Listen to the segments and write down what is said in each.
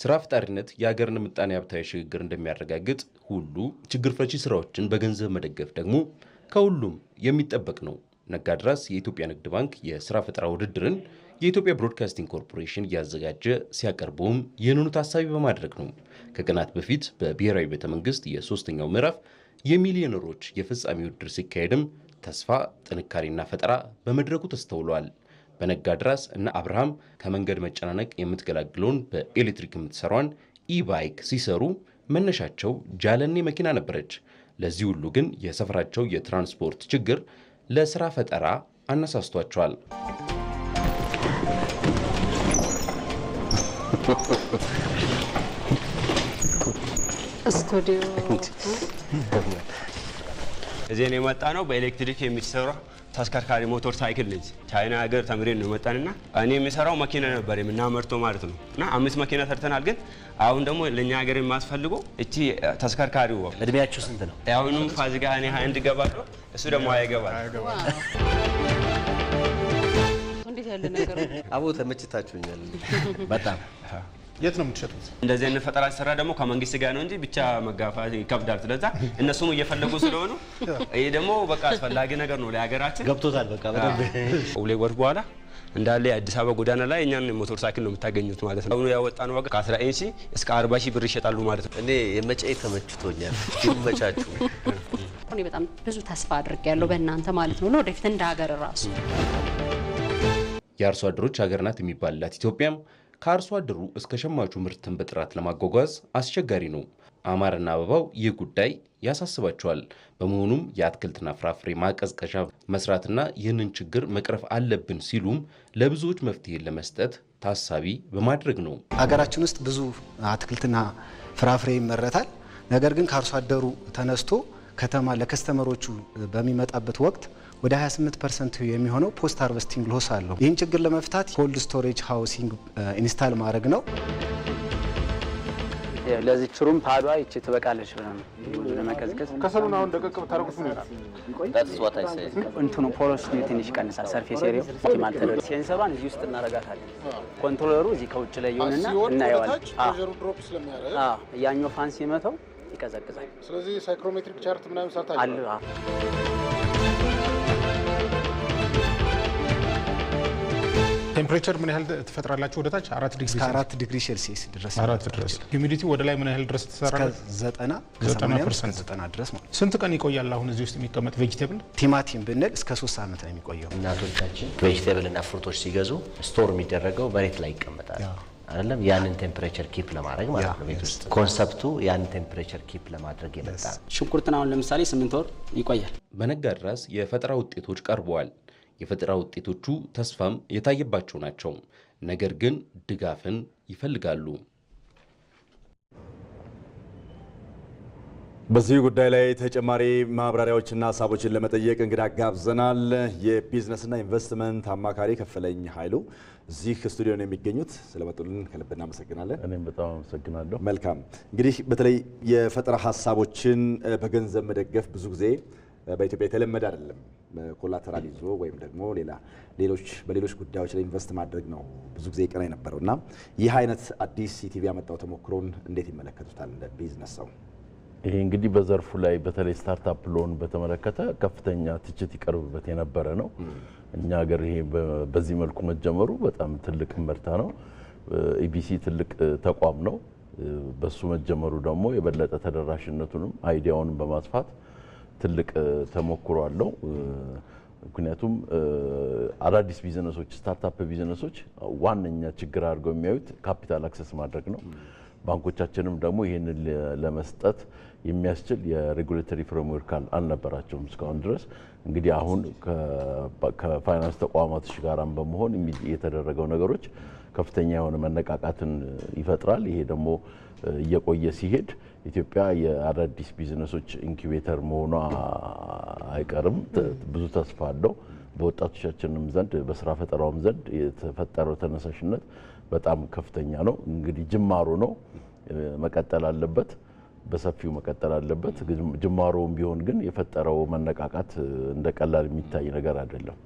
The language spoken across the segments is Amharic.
ስራ ፈጣሪነት የሀገርን ምጣኔ ሀብታዊ ሽግግር እንደሚያረጋግጥ ሁሉ ችግር ፈቺ ስራዎችን በገንዘብ መደገፍ ደግሞ ከሁሉም የሚጠበቅ ነው። ነጋድራስ የኢትዮጵያ ንግድ ባንክ የስራ ፈጠራ ውድድርን የኢትዮጵያ ብሮድካስቲንግ ኮርፖሬሽን እያዘጋጀ ሲያቀርበውም ይህንኑ ታሳቢ በማድረግ ነው። ከቀናት በፊት በብሔራዊ ቤተ መንግስት የሶስተኛው ምዕራፍ የሚሊዮነሮች የፍጻሜ ውድድር ሲካሄድም ተስፋ፣ ጥንካሬና ፈጠራ በመድረኩ ተስተውሏል። በነጋ እና አብርሃም ከመንገድ መጨናነቅ የምትገላግለውን በኤሌክትሪክ የምትሰሯን ኢባይክ ሲሰሩ መነሻቸው ጃለኔ መኪና ነበረች። ለዚህ ሁሉ ግን የሰፈራቸው የትራንስፖርት ችግር ለስራ ፈጠራ አነሳስቷቸዋል። ስቱዲዮ እዚህ የመጣ ነው በኤሌክትሪክ የሚሰራ ተሽከርካሪ ሞተር ሳይክል ልጅ ቻይና ሀገር ተምሬን ነው መጣንና እኔ የምሰራው መኪና ነበር የምናመርቶ ማለት ነው። እና አምስት መኪና ሰርተናል። ግን አሁን ደግሞ ለእኛ ሀገር የማስፈልገው እቺ ተሽከርካሪ እድሜያችሁ ስንት ነው? አሁኑ ፋዚጋ እኔ ሀያ አንድ እገባለሁ እሱ ደግሞ ሀያ ይገባል። አቦ ተመችታችሁኛል በጣም የት ነው የምትሸጡት? እንደዚህ አይነት ፈጠራ ሲሰራ ደግሞ ከመንግስት ጋር ነው እንጂ ብቻ መጋፋት ይከብዳል። ስለዛ እነሱም እየፈለጉ ስለሆኑ ይህ ደግሞ በቃ አስፈላጊ ነገር ነው ለሀገራችን ገብቶታል። በቃ በደንብ ሁሌ ወር በኋላ እንዳለ የአዲስ አበባ ጎዳና ላይ እኛን ሞተር ሳይክል ነው የምታገኙት ማለት ነው። አሁኑ ያወጣን ዋጋ ከ11 ሺህ እስከ አርባ ሺህ ብር ይሸጣሉ ማለት ነው። እኔ የመጫ ተመችቶኛል። ይመቻችሁ። እኔ በጣም ብዙ ተስፋ አድርጌያለሁ በእናንተ ማለት ነው ለወደፊት እንደ ሀገር ራሱ የአርሶ አደሮች ሀገር ናት የሚባልላት ኢትዮጵያም ከአርሶ አደሩ እስከ ሸማቹ ምርትን በጥራት ለማጓጓዝ አስቸጋሪ ነው። አማርና አበባው ይህ ጉዳይ ያሳስባቸዋል። በመሆኑም የአትክልትና ፍራፍሬ ማቀዝቀዣ መስራትና ይህንን ችግር መቅረፍ አለብን ሲሉም ለብዙዎች መፍትሄ ለመስጠት ታሳቢ በማድረግ ነው። ሀገራችን ውስጥ ብዙ አትክልትና ፍራፍሬ ይመረታል። ነገር ግን ከአርሶ አደሩ ተነስቶ ከተማ ለከስተመሮቹ በሚመጣበት ወቅት ወደ 28 ፐርሰንት የሚሆነው ፖስት ሃርቨስቲንግ ሎስ አለው። ይህን ችግር ለመፍታት ኮልድ ስቶሬጅ ሃውሲንግ ኢንስታል ማድረግ ነው። ለዚህ ችሩም ፓዷ ይቺ ትበቃለች ብለን ለመቀዝቀዝ ከሰሉን አሁን ደቀቅ ብታደርጉት ምን እንትኑ ፖሮሲቲው ትንሽ ይቀንሳል። ሰርፌስ ኤሪያው ኦፕቲማል ተደርጎ ሴንሰሯን እዚህ ውስጥ እናረጋታለን። ኮንትሮለሩ እዚህ ከውጭ ላይ ይሆንና እናየዋለን። አዎ ያኛው ፋን ሲመታው ይቀዘቅዛል። ስለዚህ ሳይክሮሜትሪክ ቻርት ምናምን አለ ቴምፕሬቸር ምን ያህል ትፈጥራላችሁ? ወደ ታች አራት ዲግሪ አራት ዲግሪ ሴልሲየስ ድረስ አራት ድረስ ሂሚዲቲ ወደ ላይ ምን ያህል ድረስ ትሰራለች? ዘጠና ዘጠና ድረስ ማለት ስንት ቀን ይቆያል? አሁን እዚህ ውስጥ የሚቀመጥ ቬጅቴብል ቲማቲም ብንል እስከ ሶስት ዓመት ነው የሚቆየው። እናቶቻችን ቬጅቴብል እና ፍሩቶች ሲገዙ ስቶር የሚደረገው መሬት ላይ ይቀመጣል አይደለም ያንን ቴምፕሬቸር ኪፕ ለማድረግ ማለት ነው። ቤት ውስጥ ኮንሰፕቱ ያንን ቴምፕሬቸር ኪፕ ለማድረግ የመጣ ሽንኩርትን አሁን ለምሳሌ ስምንት ወር ይቆያል። በነጋ ድረስ የፈጠራ ውጤቶች ቀርበዋል። የፈጠራ ውጤቶቹ ተስፋም የታየባቸው ናቸው። ነገር ግን ድጋፍን ይፈልጋሉ። በዚህ ጉዳይ ላይ ተጨማሪ ማብራሪያዎችና ሀሳቦችን ለመጠየቅ እንግዳ ጋብዘናል። የቢዝነስና ኢንቨስትመንት አማካሪ ከፍለኝ ኃይሉ እዚህ ስቱዲዮ ነው የሚገኙት። ስለመጡልን ከልብ እናመሰግናለን። እኔም በጣም አመሰግናለሁ። መልካም እንግዲህ በተለይ የፈጠራ ሀሳቦችን በገንዘብ መደገፍ ብዙ ጊዜ በኢትዮጵያ የተለመደ አይደለም። ኮላተራል ይዞ ወይም ደግሞ ሌላ ሌሎች በሌሎች ጉዳዮች ላይ ኢንቨስት ማድረግ ነው ብዙ ጊዜ ቀና የነበረው እና ይህ አይነት አዲስ ኢቲቪ ያመጣው ተሞክሮን እንዴት ይመለከቱታል? እንደ ቢዝነስ ሰው ይሄ እንግዲህ በዘርፉ ላይ በተለይ ስታርታፕ ሎን በተመለከተ ከፍተኛ ትችት ይቀርብበት የነበረ ነው። እኛ ሀገር ይሄ በዚህ መልኩ መጀመሩ በጣም ትልቅ ምርታ ነው። ኢቢሲ ትልቅ ተቋም ነው። በሱ መጀመሩ ደግሞ የበለጠ ተደራሽነቱንም አይዲያውንም በማስፋት ትልቅ ተሞክሮ አለው። ምክንያቱም አዳዲስ ቢዝነሶች፣ ስታርታፕ ቢዝነሶች ዋነኛ ችግር አድርገው የሚያዩት ካፒታል አክሰስ ማድረግ ነው። ባንኮቻችንም ደግሞ ይህንን ለመስጠት የሚያስችል የሬጉሌተሪ ፍሬምወርክ አልነበራቸውም እስካሁን ድረስ። እንግዲህ አሁን ከፋይናንስ ተቋማቶች ጋራም በመሆን የተደረገው ነገሮች ከፍተኛ የሆነ መነቃቃትን ይፈጥራል። ይሄ ደግሞ እየቆየ ሲሄድ ኢትዮጵያ የአዳዲስ ቢዝነሶች ኢንኩቤተር መሆኗ አይቀርም። ብዙ ተስፋ አለው። በወጣቶቻችንም ዘንድ በስራ ፈጠራውም ዘንድ የተፈጠረው ተነሳሽነት በጣም ከፍተኛ ነው። እንግዲህ ጅማሩ ነው፣ መቀጠል አለበት። በሰፊው መቀጠል አለበት። ጅማሮውም ቢሆን ግን የፈጠረው መነቃቃት እንደ ቀላል የሚታይ ነገር አይደለም።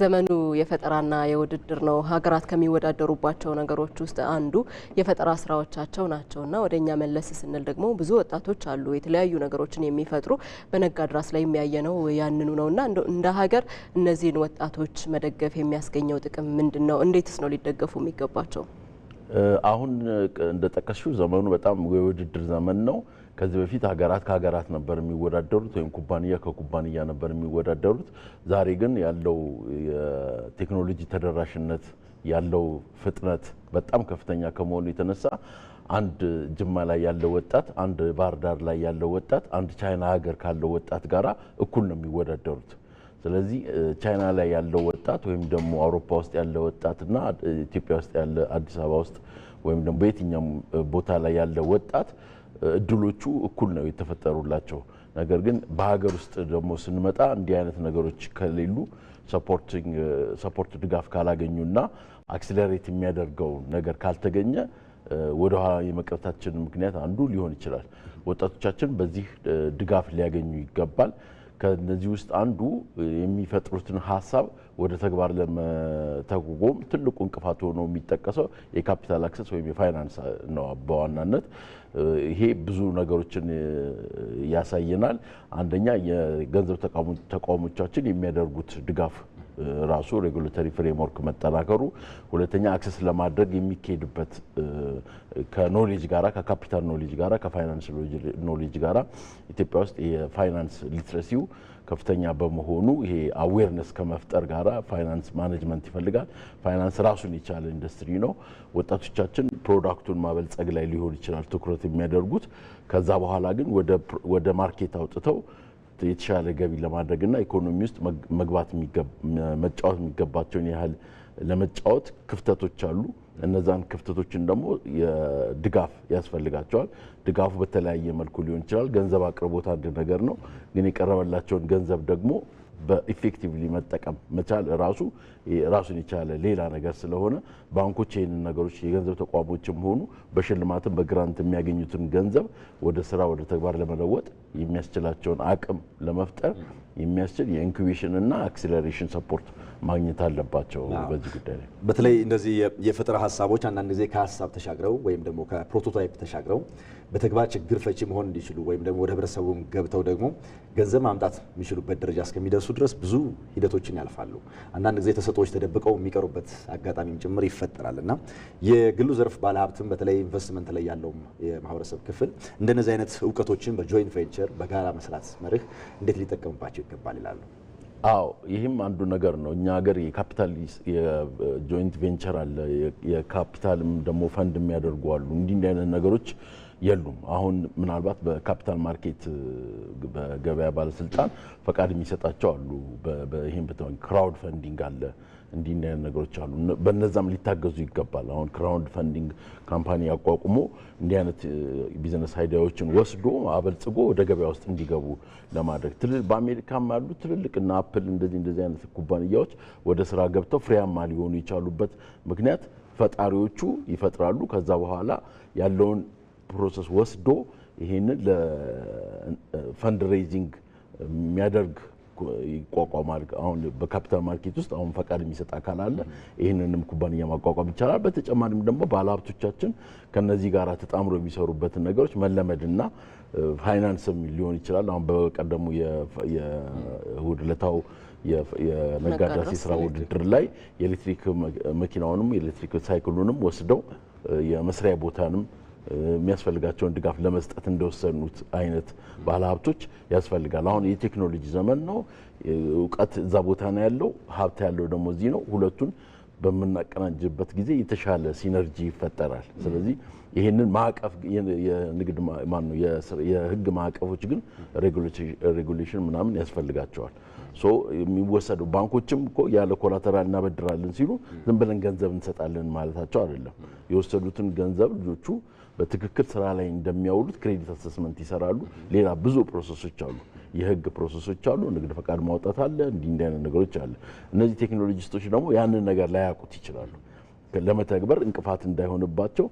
ዘመኑ የፈጠራና የውድድር ነው። ሀገራት ከሚወዳደሩባቸው ነገሮች ውስጥ አንዱ የፈጠራ ስራዎቻቸው ናቸውና ወደ እኛ መለስ ስንል ደግሞ ብዙ ወጣቶች አሉ የተለያዩ ነገሮችን የሚፈጥሩ በነጋድራስ ላይ የሚያየነው ያንኑ ነውና እንደ ሀገር እነዚህን ወጣቶች መደገፍ የሚያስገኘው ጥቅም ምንድን ነው? እንዴትስ ነው ሊደገፉ የሚገባቸው? አሁን እንደጠቀስሽው ዘመኑ በጣም የውድድር ዘመን ነው። ከዚህ በፊት ሀገራት ከሀገራት ነበር የሚወዳደሩት ወይም ኩባንያ ከኩባንያ ነበር የሚወዳደሩት። ዛሬ ግን ያለው የቴክኖሎጂ ተደራሽነት ያለው ፍጥነት በጣም ከፍተኛ ከመሆኑ የተነሳ አንድ ጅማ ላይ ያለው ወጣት፣ አንድ ባህር ዳር ላይ ያለው ወጣት፣ አንድ ቻይና ሀገር ካለው ወጣት ጋራ እኩል ነው የሚወዳደሩት። ስለዚህ ቻይና ላይ ያለው ወጣት ወይም ደግሞ አውሮፓ ውስጥ ያለ ወጣትና ኢትዮጵያ ውስጥ ያለ አዲስ አበባ ውስጥ ወይም ደግሞ በየትኛውም ቦታ ላይ ያለ ወጣት እድሎቹ እኩል ነው የተፈጠሩላቸው። ነገር ግን በሀገር ውስጥ ደግሞ ስንመጣ እንዲህ አይነት ነገሮች ከሌሉ ሰፖርት ድጋፍ ካላገኙና አክስለሬት የሚያደርገው ነገር ካልተገኘ ወደ የመቅረታችን ምክንያት አንዱ ሊሆን ይችላል። ወጣቶቻችን በዚህ ድጋፍ ሊያገኙ ይገባል። ከነዚህ ውስጥ አንዱ የሚፈጥሩትን ሀሳብ ወደ ተግባር ለመተጉጎም ትልቁ እንቅፋት ሆኖ የሚጠቀሰው የካፒታል አክሰስ ወይም የፋይናንስ ነው በዋናነት። ይሄ ብዙ ነገሮችን ያሳየናል። አንደኛ የገንዘብ ተቋሞቻችን የሚያደርጉት ድጋፍ ራሱ ሬጉላተሪ ፍሬምወርክ መጠናከሩ፣ ሁለተኛ አክሰስ ለማድረግ የሚካሄድበት ከኖሌጅ ጋራ ከካፒታል ኖሌጅ ጋራ ከፋይናንስ ኖሌጅ ጋራ ኢትዮጵያ ውስጥ የፋይናንስ ሊትረሲው ከፍተኛ በመሆኑ ይሄ አዌርነስ ከመፍጠር ጋራ ፋይናንስ ማኔጅመንት ይፈልጋል። ፋይናንስ ራሱን የቻለ ኢንዱስትሪ ነው። ወጣቶቻችን ፕሮዳክቱን ማበልጸግ ላይ ሊሆን ይችላል ትኩረት የሚያደርጉት። ከዛ በኋላ ግን ወደ ማርኬት አውጥተው የተሻለ ገቢ ለማድረግና ኢኮኖሚ ውስጥ መግባት መጫወት የሚገባቸውን ያህል ለመጫወት ክፍተቶች አሉ። እነዛን ክፍተቶችን ደግሞ ድጋፍ ያስፈልጋቸዋል። ድጋፉ በተለያየ መልኩ ሊሆን ይችላል። ገንዘብ አቅርቦት አንድ ነገር ነው፣ ግን የቀረበላቸውን ገንዘብ ደግሞ በኢፌክቲቭሊ መጠቀም መቻል ራሱ ራሱን የቻለ ሌላ ነገር ስለሆነ ባንኮች ይህንን ነገሮች የገንዘብ ተቋሞችም ሆኑ በሽልማትም በግራንት የሚያገኙትን ገንዘብ ወደ ስራ ወደ ተግባር ለመለወጥ የሚያስችላቸውን አቅም ለመፍጠር የሚያስችል የኢንኩቤሽን እና አክሴለሬሽን ሰፖርት ማግኘት አለባቸው። በዚህ ጉዳይ ላይ በተለይ እንደዚህ የፈጠራ ሀሳቦች አንዳንድ ጊዜ ከሀሳብ ተሻግረው ወይም ደግሞ ከፕሮቶታይፕ ተሻግረው በተግባር ችግር ፈቺ መሆን እንዲችሉ ወይም ደግሞ ወደ ህብረተሰቡም ገብተው ደግሞ ገንዘብ ማምጣት የሚችሉበት ደረጃ እስከሚደርሱ ድረስ ብዙ ሂደቶችን ያልፋሉ። አንዳንድ ጊዜ ተሰጥኦዎች ተደብቀው የሚቀሩበት አጋጣሚም ጭምር ይፈጠራል እና የግሉ ዘርፍ ባለሀብትም በተለይ ኢንቨስትመንት ላይ ያለው የማህበረሰብ ክፍል እንደነዚህ አይነት እውቀቶችን በጆይንት ቬንቸር ነገር በጋራ መስራት መርህ እንዴት ሊጠቀምባቸው ይገባል ይላሉ። አዎ ይህም አንዱ ነገር ነው። እኛ ሀገር የካፒታል የጆይንት ቬንቸር አለ፣ የካፒታልም ደግሞ ፈንድ የሚያደርጉ አሉ። እንዲህ እንዲህ አይነት ነገሮች የሉም። አሁን ምናልባት በካፒታል ማርኬት በገበያ ባለስልጣን ፈቃድ የሚሰጣቸው አሉ። ይህም ክራውድ ፈንዲንግ አለ፣ እንዲህ እንዲህ ነገሮች አሉ። በነዛም ሊታገዙ ይገባል። አሁን ክራውድ ፈንዲንግ ካምፓኒ አቋቁሞ እንዲህ አይነት ቢዝነስ አይዲያዎችን ወስዶ አበልጽጎ ወደ ገበያ ውስጥ እንዲገቡ ለማድረግ በአሜሪካም ያሉ ትልልቅና አፕል እንደዚህ እንደዚህ አይነት ኩባንያዎች ወደ ስራ ገብተው ፍሬያማ ሊሆኑ የቻሉበት ምክንያት ፈጣሪዎቹ ይፈጥራሉ ከዛ በኋላ ያለውን ፕሮሰስ ወስዶ ይሄንን ለፈንድ ሬይዚንግ የሚያደርግ ይቋቋማል። አሁን በካፒታል ማርኬት ውስጥ አሁን ፈቃድ የሚሰጥ አካል አለ። ይህንንም ኩባንያ ማቋቋም ይቻላል። በተጨማሪም ደግሞ ባለሀብቶቻችን ከነዚህ ጋር ተጣምሮ የሚሰሩበትን ነገሮች መለመድና ፋይናንስም ሊሆን ይችላል። አሁን በቀደሙ የእሁድ ዕለታው የነጋዳሴ ውድድር ላይ የኤሌክትሪክ መኪናውንም የኤሌክትሪክ ሳይክሉንም ወስደው የመስሪያ ቦታንም የሚያስፈልጋቸውን ድጋፍ ለመስጠት እንደወሰኑት አይነት ባለሀብቶች ያስፈልጋል። አሁን የቴክኖሎጂ ዘመን ነው። እውቀት እዛ ቦታ ነው ያለው፣ ሀብት ያለው ደግሞ እዚህ ነው። ሁለቱን በምናቀናጅበት ጊዜ የተሻለ ሲነርጂ ይፈጠራል። ስለዚህ ይህንን ማዕቀፍ የንግድ ማን ነው የህግ ማዕቀፎች ግን ሬጉሌሽን ምናምን ያስፈልጋቸዋል። ሶ የሚወሰደው ባንኮችም እኮ ያለ ኮላተራል እናበድራለን ሲሉ ዝም ብለን ገንዘብ እንሰጣለን ማለታቸው አይደለም። የወሰዱትን ገንዘብ ልጆቹ በትክክል ስራ ላይ እንደሚያውሉት ክሬዲት አሰስመንት ይሰራሉ። ሌላ ብዙ ፕሮሰሶች አሉ፣ የህግ ፕሮሰሶች አሉ። ንግድ ፈቃድ ማውጣት አለ፣ እንዲህ እንዲህ አይነት ነገሮች አለ። እነዚህ ቴክኖሎጂስቶች ደግሞ ያንን ነገር ላያውቁት ይችላሉ። ለመተግበር እንቅፋት እንዳይሆንባቸው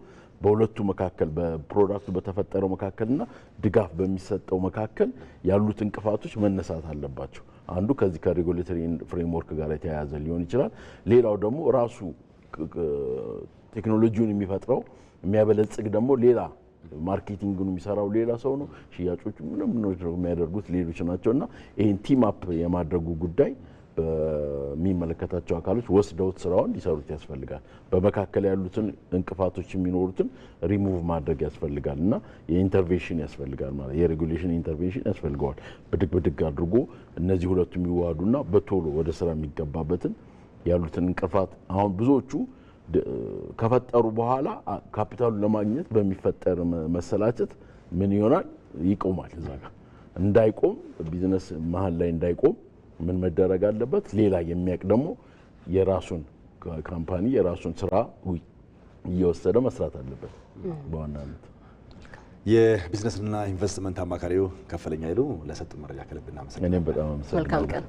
በሁለቱ መካከል በፕሮዳክቱ በተፈጠረው መካከልና ድጋፍ በሚሰጠው መካከል ያሉት እንቅፋቶች መነሳት አለባቸው። አንዱ ከዚህ ከሬጉሌተሪ ፍሬምወርክ ጋር የተያያዘ ሊሆን ይችላል። ሌላው ደግሞ ራሱ ቴክኖሎጂውን የሚፈጥረው የሚያበለጽግ ደግሞ ሌላ ማርኬቲንግን የሚሰራው ሌላ ሰው ነው። ሽያጮቹ ምንም የሚያደርጉት ሌሎች ናቸው እና ይህን ቲም አፕ የማድረጉ ጉዳይ በሚመለከታቸው አካሎች ወስደውት ስራውን ሊሰሩት ያስፈልጋል። በመካከል ያሉትን እንቅፋቶች የሚኖሩትን ሪሙቭ ማድረግ ያስፈልጋል እና የኢንተርቬንሽን ያስፈልጋል ማለት የሬጉሌሽን ኢንተርቬንሽን ያስፈልገዋል። ብድግ ብድግ አድርጎ እነዚህ ሁለቱ የሚዋሃዱና በቶሎ ወደ ስራ የሚገባበትን ያሉትን እንቅፋት አሁን ብዙዎቹ ከፈጠሩ በኋላ ካፒታሉን ለማግኘት በሚፈጠር መሰላቸት ምን ይሆናል? ይቆማል። እዛ ጋር እንዳይቆም ቢዝነስ መሀል ላይ እንዳይቆም ምን መደረግ አለበት? ሌላ የሚያውቅ ደግሞ የራሱን ካምፓኒ የራሱን ስራ እየወሰደ መስራት አለበት። በዋናነት የቢዝነስና ኢንቨስትመንት አማካሪው ከፈለኛ ኃይሉ ለሰጡ መረጃ ከልብ እናመሰግናለን። እኔም በጣም አመሰግናለሁ።